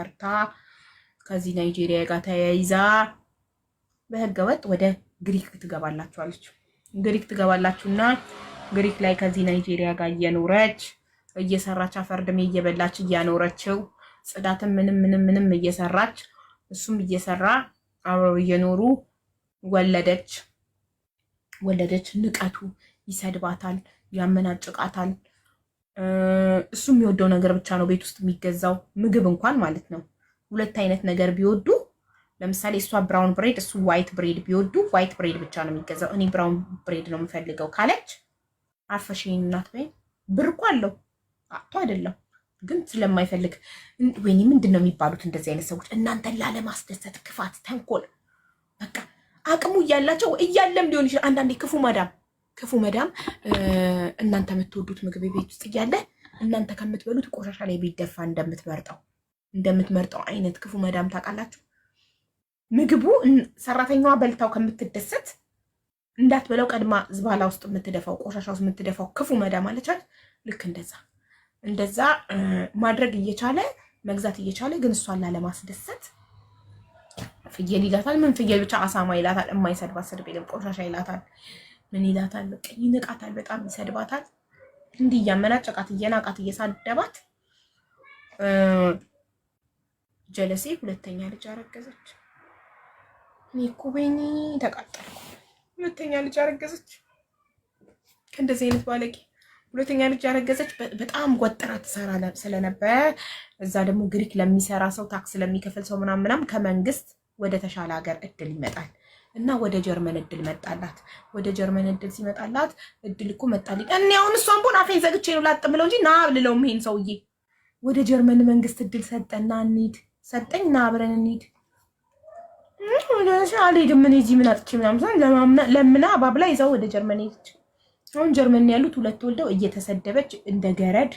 ሰርታ ከዚህ ናይጄሪያ ጋር ተያይዛ በህገወጥ ወደ ግሪክ ትገባላችኋለች። ግሪክ ትገባላችሁና ግሪክ ላይ ከዚህ ናይጄሪያ ጋር እየኖረች እየሰራች አፈርድሜ እየበላች እያኖረችው ጽዳትም ምንም ምንም ምንም እየሰራች እሱም እየሰራ አብረው እየኖሩ ወለደች ወለደች። ንቀቱ ይሰድባታል፣ ያመናጭቃታል፣ እሱ የሚወደው ነገር ብቻ ነው ቤት ውስጥ የሚገዛው ምግብ እንኳን ማለት ነው። ሁለት አይነት ነገር ቢወዱ ለምሳሌ እሷ ብራውን ብሬድ እሱ ዋይት ብሬድ ቢወዱ ዋይት ብሬድ ብቻ ነው የሚገዛው። እኔ ብራውን ብሬድ ነው የምፈልገው ካለች አርፈሽ እናት በይ። ብር እኮ አለው አጥቶ አይደለም ግን ስለማይፈልግ ወይኔ ምንድን ነው የሚባሉት እንደዚህ አይነት ሰዎች እናንተን ላለማስደሰት ክፋት፣ ተንኮል በቃ አቅሙ እያላቸው እያለም ሊሆን ይችላል አንዳንዴ ክፉ መዳም? ክፉ መዳም እናንተ የምትወዱት ምግብ ቤት ውስጥ እያለ እናንተ ከምትበሉት ቆሻሻ ላይ ቢደፋ እንደምትመርጠው እንደምትመርጠው አይነት ክፉ መዳም ታውቃላችሁ። ምግቡ ሰራተኛዋ በልታው ከምትደሰት እንዳትበለው ቀድማ ዝባላ ውስጥ የምትደፋው ቆሻሻ ውስጥ የምትደፋው ክፉ መዳም አለቻት። ልክ እንደዛ እንደዛ ማድረግ እየቻለ መግዛት እየቻለ ግን እሷን ላለማስደሰት ፍየል ይላታል። ምን ፍየል ብቻ አሳማ ይላታል። የማይሰድባት ስድብ የለም። ቆሻሻ ይላታል። ምን ይላታል? በቃ ይንቃታል፣ በጣም ይሰድባታል። እንዲህ እያመናጨቃት እየናቃት እየሳደባት ጀለሴ ሁለተኛ ልጅ አረገዘች። እኔ እኮ ወይኔ ተቃጠልኩ። ሁለተኛ ልጅ አረገዘች። ከእንደዚህ አይነት ባለጌ ሁለተኛ ልጅ ያረገዘች። በጣም ወጥራ ትሰራ ስለነበረ እዛ ደግሞ ግሪክ ለሚሰራ ሰው ታክስ ለሚከፍል ሰው ምናምን ምናምን ከመንግስት ወደ ተሻለ ሀገር እድል ይመጣል። እና ወደ ጀርመን እድል መጣላት። ወደ ጀርመን እድል ሲመጣላት እድል እኮ መጣልኝ። እኔ አሁን እሷን ቦን አፌን ዘግቼ ነው ላጥ ብለው እንጂ ና ብልለውም ይሄን ሰውዬ ወደ ጀርመን መንግስት እድል ሰጠና እንሂድ ሰጠኝ፣ ና አብረን እንሂድ። አልሄድም እኔ እዚህ ምን አጥቼ ምናምን ለምና አባብላ ይዘው ወደ ጀርመን ሄደች። አሁን ጀርመን ያሉት ሁለት ወልደው እየተሰደበች እንደ ገረድ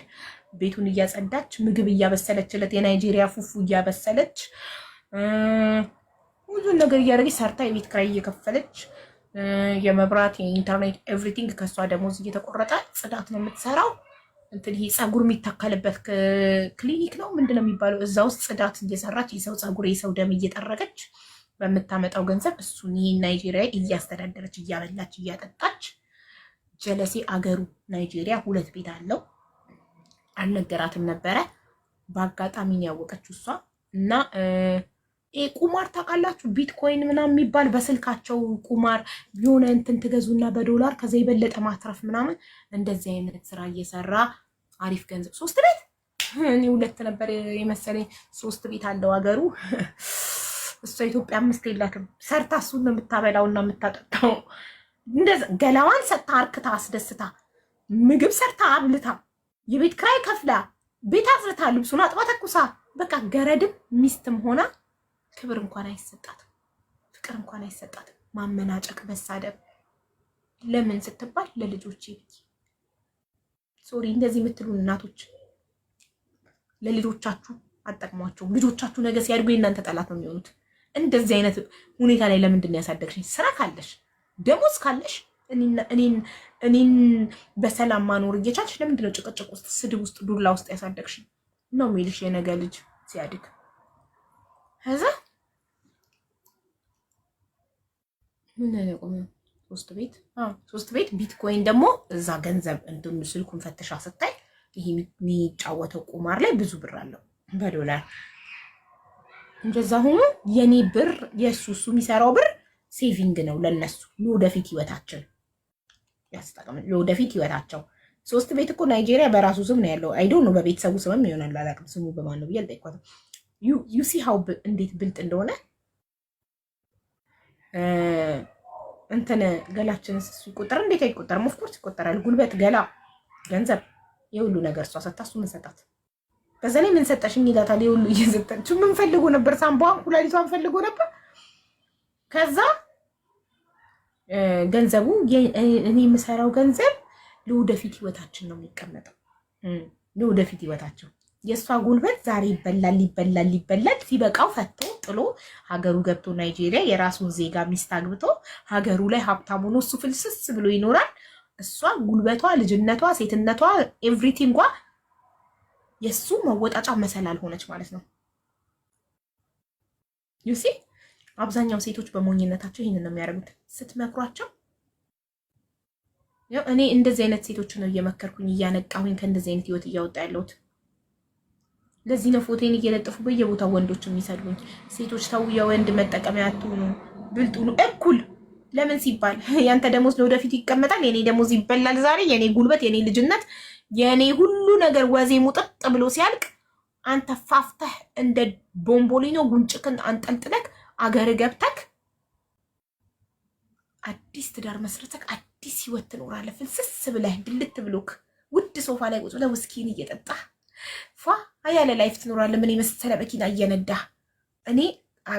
ቤቱን እያጸዳች ምግብ እያበሰለችለት የናይጄሪያ ፉፉ እያበሰለች ሁሉን ነገር እያደረገች ሰርታ የቤት ኪራይ እየከፈለች የመብራት የኢንተርኔት ኤቭሪቲንግ ከእሷ ደሞዝ እየተቆረጠ ጽዳት ነው የምትሰራው። እንትን ይሄ ፀጉር የሚታከልበት ክሊኒክ ነው ምንድን ነው የሚባለው? እዛ ውስጥ ጽዳት እየሰራች የሰው ፀጉር የሰው ደም እየጠረገች በምታመጣው ገንዘብ እሱን ይህ ናይጄሪያ እያስተዳደረች እያበላች እያጠጣች ጀለሴ አገሩ ናይጄሪያ ሁለት ቤት አለው። አልነገራትም ነበረ። በአጋጣሚ ነው ያወቀችው እሷ እና ቁማር ታውቃላችሁ፣ ቢትኮይን ምናምን የሚባል በስልካቸው ቁማር የሆነ እንትን ትገዙና በዶላር ከዛ የበለጠ ማትረፍ ምናምን፣ እንደዚህ አይነት ስራ እየሰራ አሪፍ ገንዘብ ሶስት ቤት እኔ ሁለት ነበር የመሰለኝ ሶስት ቤት አለው ሀገሩ። እሷ ኢትዮጵያ አምስት የላትም ሰርታ እሱን የምታበላው እና የምታጠጣው እንደዛ ገላዋን ሰጥታ አርክታ አስደስታ ምግብ ሰርታ አብልታ የቤት ክራይ ከፍላ ቤት አዝርታ ልብሱን አጥባ ተኩሳ በቃ ገረድም ሚስትም ሆና ክብር እንኳን አይሰጣትም፣ ፍቅር እንኳን አይሰጣትም። ማመናጨክ፣ መሳደብ ለምን ስትባል ለልጆቼ ብዬ ሶሪ። እንደዚህ የምትሉ እናቶች ለልጆቻችሁ አጠቅሟቸውም። ልጆቻችሁ ነገ ሲያድጉ የእናንተ ጠላት ነው የሚሆኑት። እንደዚህ አይነት ሁኔታ ላይ ለምንድን ነው ያሳደግሽኝ? ስራ ካለሽ ደሞዝ ካለሽ እኔን በሰላም ማኖር እየቻልሽ ለምንድነው ጭቅጭቅ ውስጥ፣ ስድብ ውስጥ፣ ዱላ ውስጥ ያሳደግሽኝ ነው የሚልሽ የነገ ልጅ ሲያድግ ከዛ ምን ላይ ቆመ? ሶስት ቤት ሶስት ቤት ቢትኮይን ደግሞ እዛ ገንዘብ እንትን ስልኩን ፈተሻ ስታይ ይሄ የሚጫወተው ቁማር ላይ ብዙ ብር አለው በዶላር እንደዛ ሆኖ የኔ ብር የእሱ እሱ የሚሰራው ብር ሴቪንግ ነው ለነሱ ለወደፊት ህይወታችን ያስጠቅም ለወደፊት ህይወታቸው። ሶስት ቤት እኮ ናይጄሪያ በራሱ ስም ነው ያለው። አይዶ ነው በቤተሰቡ ስምም ይሆናል አላውቅም። ስሙ በማን ነው ብዬ አልጠይኳትም። ዩሲ ሀው እንዴት ብልጥ እንደሆነ እንትን ገላችንስ ይቆጠር እንዴት አይቆጠርም? ኦፍኮርስ ይቆጠራል። ጉልበት፣ ገላ፣ ገንዘብ የሁሉ ነገር እሷ ሰታ እሱ ምን ሰጣት? በዛ ላይ ምን ሰጠሽኝ ይላታል። የሁሉ እየሰጠችው ምን ፈልጎ ነበር? ሳምቧን፣ ኩላሊቷን ፈልጎ ነበር። ከዛ ገንዘቡ እኔ የምሰራው ገንዘብ ለወደፊት ህይወታችን ነው የሚቀመጠው ለወደፊት ህይወታቸው የእሷ ጉልበት ዛሬ ይበላል ይበላል ይበላል ሲበቃው ፈቶ ጥሎ ሀገሩ ገብቶ ናይጄሪያ የራሱን ዜጋ ሚስት አግብቶ ሀገሩ ላይ ሀብታም ሆኖ እሱ ፍልስስ ብሎ ይኖራል። እሷ ጉልበቷ፣ ልጅነቷ፣ ሴትነቷ ኤቭሪቲንጓ የእሱ መወጣጫ መሰላል ሆነች ማለት ነው። ዩሲ አብዛኛው ሴቶች በሞኝነታቸው ይህንን ነው የሚያደርጉት። ስትመክሯቸው እኔ እንደዚህ አይነት ሴቶች ነው እየመከርኩኝ እያነቃሁኝ ከእንደዚህ አይነት ህይወት እያወጣ ያለሁት ለዚህ ነው ፎቴን እየለጠፉ በየቦታ ወንዶች የሚሰድቡኝ። ሴቶች ተው፣ የወንድ መጠቀሚያ አትሁኑ፣ ብልጡኑ እኩል ለምን ሲባል ያንተ ደሞዝ ለወደፊት ይቀመጣል፣ የኔ ደሞዝ ይበላል። ዛሬ የኔ ጉልበት፣ የኔ ልጅነት፣ የኔ ሁሉ ነገር ወዜ ሙጥጥ ብሎ ሲያልቅ አንተ ፋፍተህ እንደ ቦምቦሊኖ ጉንጭክን አንጠልጥለክ አገር ገብተክ አዲስ ትዳር መስረተክ አዲስ ህይወት ትኖራለህ። ፍልስስ ብለህ ድልት ብሎክ ውድ ሶፋ ላይ ቁጭ ብለህ ውስኪን እየጠጣህ ፏ አያለ ላይፍ ትኖራለ። ምን የመሰለ መኪና እየነዳ እኔ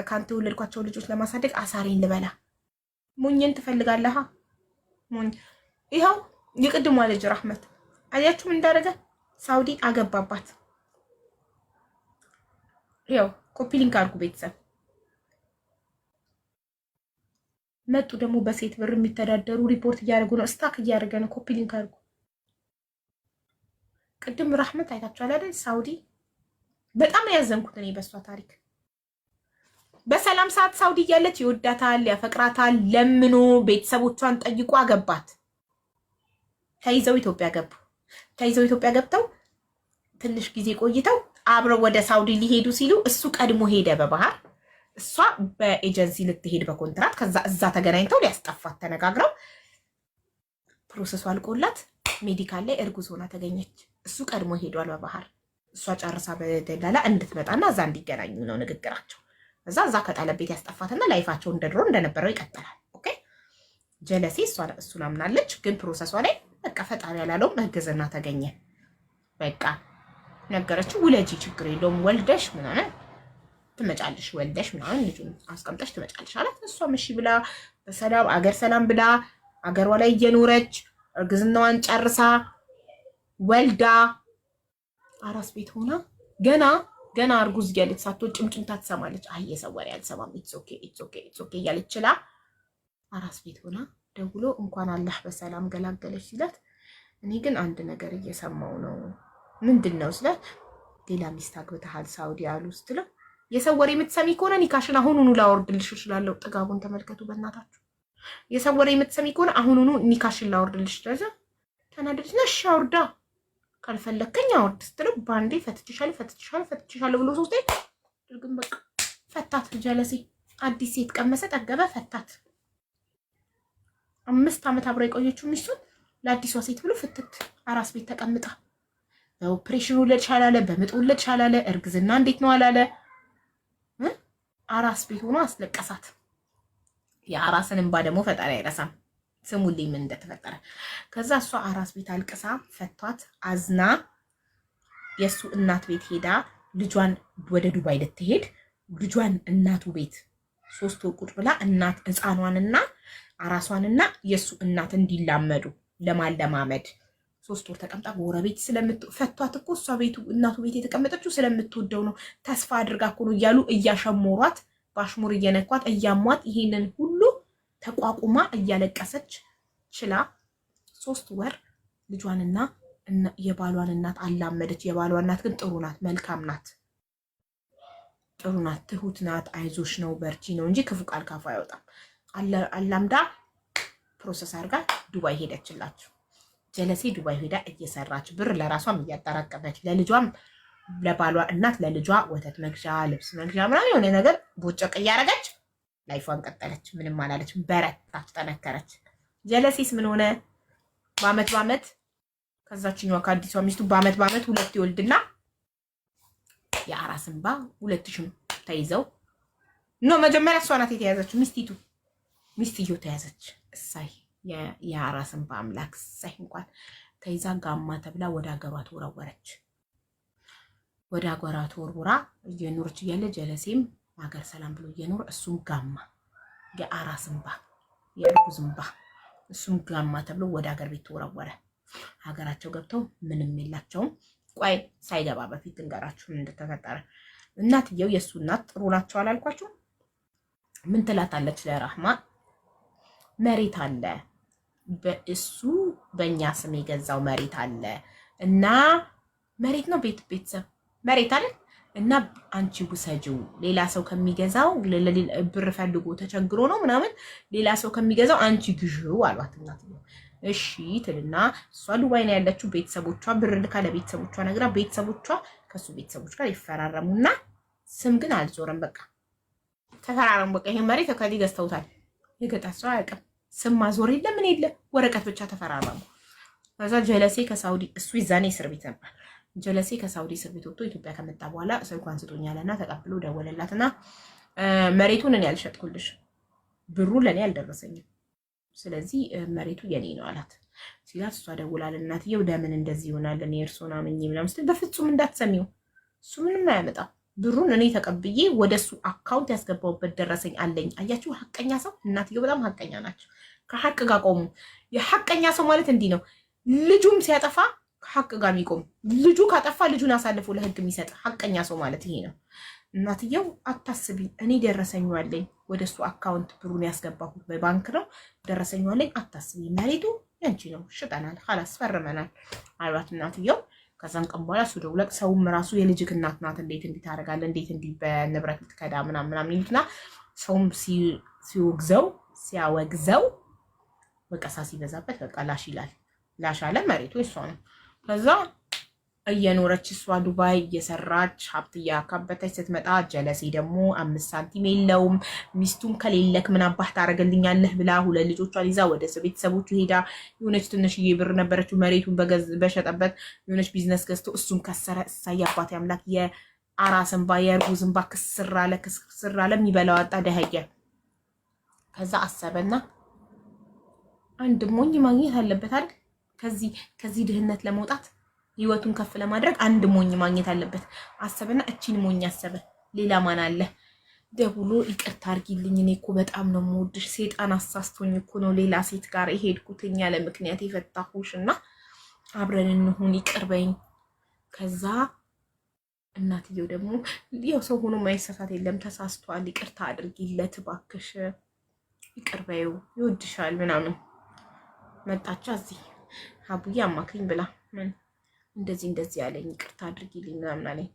ከአንተ የወለድኳቸውን ልጆች ለማሳደግ አሳሬን ልበላ። ሙኝን ትፈልጋለህ ሞኝ። ይኸው የቅድሟ ልጅ ራህመት አያችሁ ምን እንዳደረገ። ሳውዲ አገባባት። ያው ኮፒ ሊንክ አድርጉ ቤተሰብ መጡ። ደግሞ በሴት ብር የሚተዳደሩ ሪፖርት እያደረጉ ነው። ስታክ እያደረገ ነው። ኮፒ ሊንክ አድርጉ። ቅድም ራህመት አይታችኋል አይደል? ሳውዲ በጣም ያዘንኩት እኔ በእሷ ታሪክ። በሰላም ሰዓት ሳውዲ እያለች ይወዳታል፣ ያፈቅራታል፣ ለምኖ ቤተሰቦቿን ጠይቆ አገባት። ተይዘው ኢትዮጵያ ገቡ። ተይዘው ኢትዮጵያ ገብተው ትንሽ ጊዜ ቆይተው አብረው ወደ ሳውዲ ሊሄዱ ሲሉ እሱ ቀድሞ ሄደ በባህር፣ እሷ በኤጀንሲ ልትሄድ በኮንትራት። ከዛ እዛ ተገናኝተው ሊያስጠፋት ተነጋግረው ፕሮሰሱ አልቆላት ሜዲካል ላይ እርጉዝ ሆና ተገኘች። እሱ ቀድሞ ሄዷል በባህር እሷ ጨርሳ በደላላ እንድትመጣና እዛ እንዲገናኙ ነው ንግግራቸው። እዛ እዛ ከጣለቤት ያስጠፋትና ላይፋቸው እንደ ድሮ እንደነበረው ይቀጥላል። ኦኬ ጀለሴ እሱን አምናለች፣ ግን ፕሮሰሷ ላይ በቃ ፈጣሪ ያላለውም እርግዝና ተገኘ። በቃ ነገረችው፣ ውለጂ፣ ችግር የለውም ወልደሽ ምናምን ትመጫለሽ፣ ወልደሽ ምናምን ልጁን አስቀምጠሽ ትመጫለሽ አላት። እሷም እሺ ብላ በሰላም አገር ሰላም ብላ አገሯ ላይ እየኖረች እርግዝናዋን ጨርሳ ወልዳ አራስ ቤት ሆና ገና ገና አርጉዝ እያለች ሳትወልድ ጭምጭምታ ትሰማለች። አይ የሰው ወሬ አልሰማም፣ ኢትስ ኦኬ ኢትስ ኦኬ ኢትስ ኦኬ እያለች ችላ አራስ ቤት ሆና ደውሎ እንኳን አላህ በሰላም ገላገለች ሲላት፣ እኔ ግን አንድ ነገር እየሰማው ነው። ምንድን ነው ስላት፣ ሌላ ሚስት አግብተሃል ሳውዲ አሉ ስትለው፣ የሰው ወሬ የምትሰሚ ከሆነ ኒካሽን አሁኑኑ ላወርድልሽ እችላለሁ። ጥጋቡን ተመልከቱ በእናታችሁ። የሰው ወሬ የምትሰሚ ከሆነ አሁኑኑ ኒካሽን ላወርድልሽ ደረጃ ተናደደች። ነሽ አውርዳ ካልፈለግከኝ አወድ ስትለው ባንዴ ፈትችሻለሁ ፈትችሻለሁ ፈትችሻለሁ ብሎ ሶስቴ ድርግም በቃ ፈታት። ጀለሴ አዲስ ሴት ቀመሰ ጠገበ ፈታት። አምስት ዓመት አብረ የቆየችው ሚስቱን ለአዲሷ ሴት ብሎ ፍትት አራስ ቤት ተቀምጣ በኦፕሬሽን ውለድሽ አላለ፣ በምጥ ውለድሽ አላለ፣ እርግዝና እንዴት ነው አላለ። አራስ ቤት ሆኖ አስለቀሳት። የአራስን እንባ ደግሞ ፈጣሪ አይረሳም። ስሙልኝ ምን እንደተፈጠረ። ከዛ እሷ አራስ ቤት አልቅሳ ፈቷት አዝና የእሱ እናት ቤት ሄዳ ልጇን ወደ ዱባይ ልትሄድ ልጇን እናቱ ቤት ሶስት ወር ቁጭ ብላ እናት ህፃኗንና አራሷንና የእሱ እናት እንዲላመዱ ለማለማመድ ሶስት ወር ተቀምጣ ጎረቤት ፈቷት እኮ እሷ ቤቱ እናቱ ቤት የተቀመጠችው ስለምትወደው ነው፣ ተስፋ አድርጋ እኮ ነው እያሉ እያሸሞሯት በአሽሙር እየነኳት እያሟት ይሄንን ሁሉ ተቋቁማ እያለቀሰች ችላ ሶስት ወር ልጇንና የባሏን እናት አላመደች። የባሏ እናት ግን ጥሩ ናት፣ መልካም ናት፣ ጥሩ ናት፣ ትሁት ናት። አይዞሽ ነው በርቺ ነው እንጂ ክፉ ቃል ካፉ አይወጣም። አላምዳ ፕሮሰስ አድርጋ ዱባይ ሄደችላችሁ። ጀለሴ ዱባይ ሄዳ እየሰራች ብር ለራሷም እያጠራቀመች ለልጇም ለባሏ እናት ለልጇ ወተት መግዣ፣ ልብስ መግዣ ምናምን የሆነ ነገር ቦጨቅ እያደረገች ላይፏን ቀጠለች። ምንም አላለች። በረታች፣ ጠነከረች። ጀለሲስ ምን ሆነ? በአመት በአመት ከዛችኛዋ ከአዲሷ ሚስቱ በአመት በአመት ሁለት ይወልድና የአራስ እንባ ሁለት ሽም ተይዘው ኖ መጀመሪያ እሷ ናት የተያዘችው። ሚስቲቱ ሚስትዮ ተያዘች። እሳይ የአራስ እንባ አምላክ እሳይ እንኳን ተይዛ ጋማ ተብላ ወደ ሀገሯ ተወረወረች። ወደ ሀገሯ ተወርውራ እየኖረች እያለ ጀለሴም አገር ሰላም ብሎ እየኖረ እሱም ጋማ የአራ ዝንባ የእርጉዝ ዝንባ እሱም ጋማ ተብሎ ወደ ሀገር ቤት ተወረወረ። ሀገራቸው ገብተው ምንም የላቸውም። ቆይ ሳይገባ በፊት ልንገራችሁ እንደተፈጠረ። እናትየው የእሱ እናት ጥሩ ናቸው አላልኳችሁ? ምን ትላታለች ለራህማ መሬት አለ በእሱ በእኛ ስም የገዛው መሬት አለ እና መሬት ነው ቤት ቤተሰብ መሬት አለ እና አንቺ ውሰጂው። ሌላ ሰው ከሚገዛው ብር ፈልጎ ተቸግሮ ነው ምናምን ሌላ ሰው ከሚገዛው አንቺ ግዢው አሏት እናት ነው እሺ ትልና እሷ ዱባይ ነው ያለችው። ቤተሰቦቿ ብር ልካ ለቤተሰቦቿ ነግራ ቤተሰቦቿ ከሱ ቤተሰቦች ጋር ይፈራረሙና ስም ግን አልዞረም። በቃ ተፈራረሙ። በቃ ይሄን መሬት ከዚህ ገዝተውታል። የገጠር ሰው አያውቅም። ስም ማዞር የለም ምን የለም፣ ወረቀት ብቻ ተፈራረሙ። ከዛ ጀለሴ ከሳውዲ እሱ ይዛኔ እስር ቤት ነበር ጀለሴ ከሳውዲ እስር ቤት ወጥቶ ኢትዮጵያ ከመጣ በኋላ ስልኳን ስጡኝ አለና ተቀብሎ ደወለላትና መሬቱን እኔ አልሸጥኩልሽ፣ ብሩ ለእኔ አልደረሰኝም፣ ስለዚህ መሬቱ የኔ ነው አላት ሲላት እሷ ደውላል። እናትየው ለምን እንደዚህ ይሆናል? እኔ እርሶን አምኜ ምናምን ስትል በፍጹም እንዳትሰሚው፣ እሱ ምንም አያመጣ ብሩን እኔ ተቀብዬ ወደ እሱ አካውንት ያስገባውበት ደረሰኝ አለኝ። አያችሁ ሀቀኛ ሰው እናትየው በጣም ሀቀኛ ናቸው። ከሀቅ ጋር ቆሙ። የሀቀኛ ሰው ማለት እንዲህ ነው። ልጁም ሲያጠፋ ሀቅ ጋር የሚቆም ልጁ ካጠፋ ልጁን አሳልፎ ለህግ የሚሰጥ ሀቀኛ ሰው ማለት ይሄ ነው። እናትየው አታስቢ፣ እኔ ደረሰኙ አለኝ። ወደ እሱ አካውንት ብሩን ያስገባሁት በባንክ ነው። ደረሰኙ አለኝ፣ አታስቢ። መሬቱ ያንቺ ነው፣ ሽጠናል፣ ሀላስ ፈርመናል አሏት እናትየው። ከዛን ቀን በኋላ እሱ ደውለቅ ሰውም ራሱ የልጅክ እናት ናት፣ እንዴት እንዲህ ታደርጋለህ? እንዴት እንዲህ በንብረት ልትከዳ ምናምን ምናምን ይሉትና ሰውም ሲወግዘው ሲያወግዘው ወቀሳ ሲበዛበት በቃ ላሽ ይላል። ላሽ አለ። መሬቱ የሷ ነው። ከዛ እየኖረች እሷ ዱባይ እየሰራች ሀብት እያካበተች ስትመጣ ጀለሴ ደግሞ አምስት ሳንቲም የለውም። ሚስቱም ከሌለክ ምን አባህ ታደርግልኛለህ ብላ ሁለት ልጆቿን ይዛ ወደ ቤተሰቦቹ ሄዳ የሆነች ትንሽዬ ብር ነበረችው መሬቱን በሸጠበት የሆነች ቢዝነስ ገዝቶ እሱን ከሰረ። እሳይ አባቴ አምላክ የአራስ እንባ የእርጉዝ እንባ ክስር አለ ክስር አለ። የሚበላው አጣ ደኸየ። ከዛ አሰበና አንድ ሞኝ ማግኘት አለበት አይደል ከዚህ ከዚህ ድህነት ለመውጣት ህይወቱን ከፍ ለማድረግ አንድ ሞኝ ማግኘት አለበት አሰበና፣ እቺን ሞኝ አሰበ። ሌላ ማን አለ? ደውሎ ይቅርታ አድርጊልኝ፣ እኔ እኮ በጣም ነው የምወድሽ፣ ሴጣን አሳስቶኝ እኮ ነው ሌላ ሴት ጋር የሄድኩትኝ ያለ ምክንያት የፈታሁሽ እና አብረን እንሁን፣ ይቅርበኝ። ከዛ እናትየው ደግሞ ያው ሰው ሆኖ ማይሳሳት የለም ተሳስቷል፣ ይቅርታ አድርጊለት እባክሽ፣ ይቅር ይወድሻል ምናምን። መጣቻ እዚህ አቡዬ አማክሪኝ ብላ ምን እንደዚህ እንደዚህ ያለኝ ይቅርታ አድርጊልኝ ምናምን አለኝ።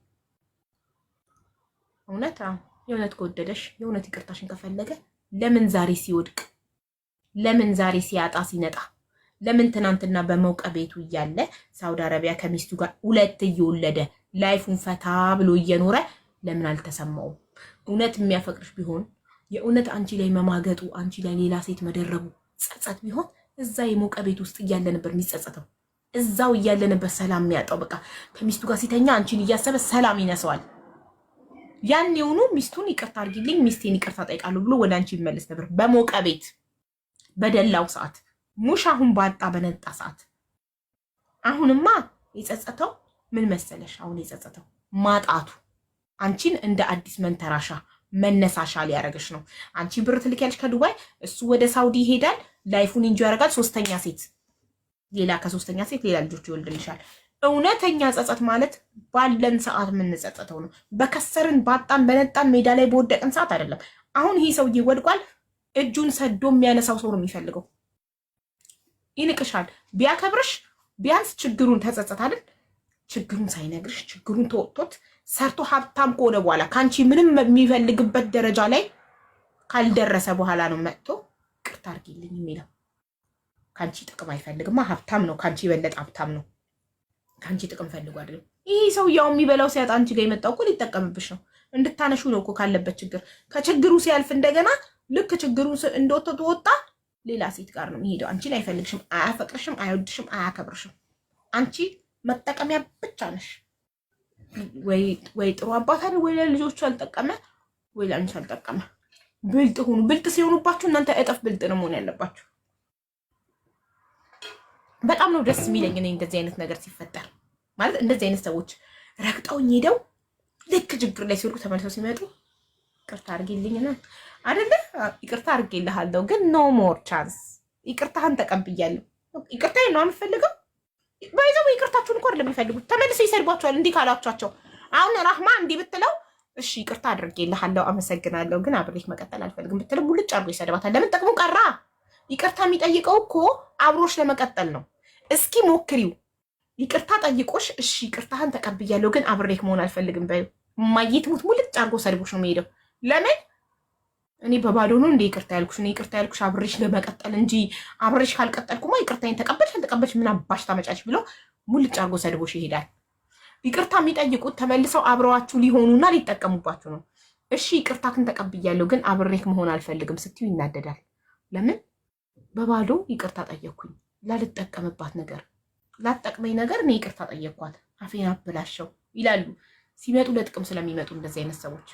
እውነት የእውነት ከወደደሽ የእውነት ይቅርታሽን ከፈለገ ለምን ዛሬ ሲወድቅ ለምን ዛሬ ሲያጣ ሲነጣ ለምን ትናንትና በመውቀ ቤቱ እያለ ሳውዲ አረቢያ ከሚስቱ ጋር ሁለት እየወለደ ላይፉን ፈታ ብሎ እየኖረ ለምን አልተሰማውም? እውነት የሚያፈቅርሽ ቢሆን የእውነት አንቺ ላይ መማገጡ፣ አንቺ ላይ ሌላ ሴት መደረቡ ጸጸት ቢሆን እዛ የሞቀ ቤት ውስጥ እያለ ነበር የሚጸጸተው። እዛው እያለ ነበር ሰላም የሚያጣው። በቃ ከሚስቱ ጋር ሲተኛ አንቺን እያሰበ ሰላም ይነሰዋል። ያን የሆኑ ሚስቱን ይቅርታ አድርጊልኝ፣ ሚስቴን ይቅርታ ጠይቃለሁ ብሎ ወደ አንቺ ይመለስ ነበር። በሞቀ ቤት በደላው ሰዓት ሙሽ አሁን ባጣ በነጣ ሰዓት አሁንማ የጸጸተው ምን መሰለሽ? አሁን የጸጸተው ማጣቱ አንቺን እንደ አዲስ መንተራሻ መነሳሻ ሊያደርግሽ ነው። አንቺ ብር ትልኪያለሽ ከዱባይ፣ እሱ ወደ ሳውዲ ይሄዳል። ላይፉን እንጂ ያደርጋል። ሶስተኛ ሴት ሌላ ከሶስተኛ ሴት ሌላ ልጆች ይወልድልሻል። እውነተኛ ጸጸት ማለት ባለን ሰዓት የምንጸጸተው ነው። በከሰርን ባጣን፣ በነጣን ሜዳ ላይ በወደቅን ሰዓት አይደለም። አሁን ይሄ ሰውዬ ወድቋል። እጁን ሰዶ የሚያነሳው ሰው ነው የሚፈልገው። ይንቅሻል። ቢያከብርሽ ቢያንስ ችግሩን ተጸጸታልን። ችግሩን ሳይነግርሽ ችግሩን ተወጥቶት ሰርቶ ሀብታም ከሆነ በኋላ ከአንቺ ምንም የሚፈልግበት ደረጃ ላይ ካልደረሰ በኋላ ነው መጥቶ ይቅርታ አድርጊልኝ የሚለው ከአንቺ ጥቅም አይፈልግማ። ሀብታም ነው፣ ከአንቺ የበለጠ ሀብታም ነው። ከአንቺ ጥቅም ፈልጎ አይደለም። ይህ ሰው የሚበላው ሲያጣ አንቺ ጋር የመጣው እኮ ሊጠቀምብሽ ነው። እንድታነሹ ነው እኮ ካለበት ችግር። ከችግሩ ሲያልፍ እንደገና ልክ ችግሩ እንደወተቱ ወጣ፣ ሌላ ሴት ጋር ነው የሚሄደው። አንቺን አይፈልግሽም፣ አያፈቅርሽም፣ አይወድሽም፣ አያከብርሽም። አንቺ መጠቀሚያ ብቻ ነሽ። ወይ ጥሩ አባት ወይ ለልጆቹ አልጠቀመ፣ ወይ ለአንቺ አልጠቀመ። ብልጥ ሁኑ። ብልጥ ሲሆኑባችሁ እናንተ እጥፍ ብልጥ ነው መሆን ያለባችሁ። በጣም ነው ደስ የሚለኝ እኔ እንደዚህ አይነት ነገር ሲፈጠር ማለት እንደዚህ አይነት ሰዎች ረግጠውኝ ሄደው ልክ ችግር ላይ ሲወድቁ ተመልሰው ሲመጡ ይቅርታ ነው አይደለ ይቅርታ አድርጌልሃለሁ፣ ግን ኖ ሞር ቻንስ ይቅርታህን ተቀብያለሁ። ይቅርታ ነው የምፈልገው። ባይዘው ይቅርታችሁን እኮ አይደለም የሚፈልጉት፣ ተመልሰው ይሰድቧቸዋል። እንዲህ ካላቸኋቸው አሁን ራህማ እንዲህ ብትለው እሺ ይቅርታ አድርጌልሃለሁ፣ አመሰግናለሁ፣ ግን አብሬህ መቀጠል አልፈልግም ብትል ሙልጭ አድርጎ ይሰደባታል። ለምን ጥቅሙ ቀራ? ይቅርታ የሚጠይቀው እኮ አብሮሽ ለመቀጠል ነው። እስኪ ሞክሪው። ይቅርታ ጠይቆሽ እሺ ይቅርታህን ተቀብያለሁ፣ ግን አብሬህ መሆን አልፈልግም በዩ ማየት ሙት ሙልጭ አድርጎ ሰድቦች ነው የሚሄደው። ለምን እኔ በባዶ ነው እንደ ይቅርታ ያልኩሽ? እኔ ይቅርታ ያልኩሽ አብሬሽ ለመቀጠል እንጂ አብሬሽ ካልቀጠልኩማ ይቅርታዬን ተቀበልሽ አልተቀበልሽ ምን አባሽ ታመጫች ብሎ ሙልጭ አድርጎ ሰድቦሽ ይሄዳል። ይቅርታ የሚጠይቁት ተመልሰው አብረዋችሁ ሊሆኑና ሊጠቀሙባችሁ ነው። እሺ ይቅርታ ክን ተቀብያለሁ፣ ግን አብሬክ መሆን አልፈልግም ስትዩ ይናደዳል። ለምን በባዶ ይቅርታ ጠየኩኝ ላልጠቀምባት ነገር ላትጠቅመኝ ነገር እኔ ይቅርታ ጠየኳት አፌን አበላሸው ይላሉ። ሲመጡ ለጥቅም ስለሚመጡ እንደዚህ አይነት ሰዎች